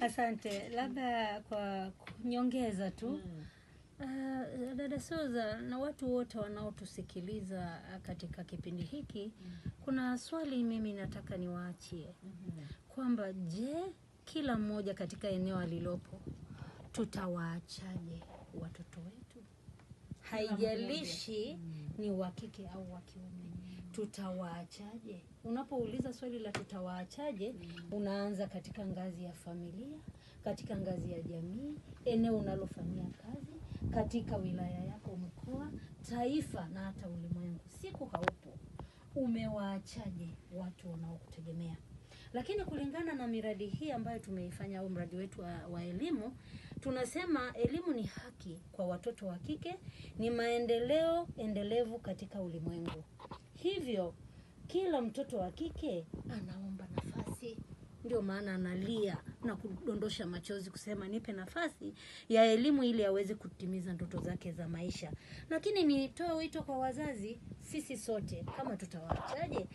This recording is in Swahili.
asante labda kwa kunyongeza tu mm. Uh, dada Soza na watu wote wanaotusikiliza uh, katika kipindi hiki mm Kuna swali mimi nataka niwaachie mm -hmm. kwamba je, kila mmoja katika eneo alilopo tutawaachaje watoto wetu? Haijalishi mm ni wa kike au wa kiume mm tutawaachaje? Unapouliza swali la tutawaachaje, mm. unaanza katika ngazi ya familia, katika ngazi ya jamii, eneo unalofanyia kazi, katika wilaya yako, mkoa, taifa na hata ulimwengu. Siku haupo, umewaachaje watu wanaokutegemea? Lakini kulingana na miradi hii ambayo tumeifanya au mradi wetu wa, wa elimu, tunasema elimu ni haki kwa watoto wa kike, ni maendeleo endelevu katika ulimwengu. Hivyo kila mtoto wa kike anaomba nafasi, ndio maana analia na kudondosha machozi kusema nipe nafasi ya elimu ili aweze kutimiza ndoto zake za maisha. Lakini nitoe wito kwa wazazi, sisi sote kama tutawachaje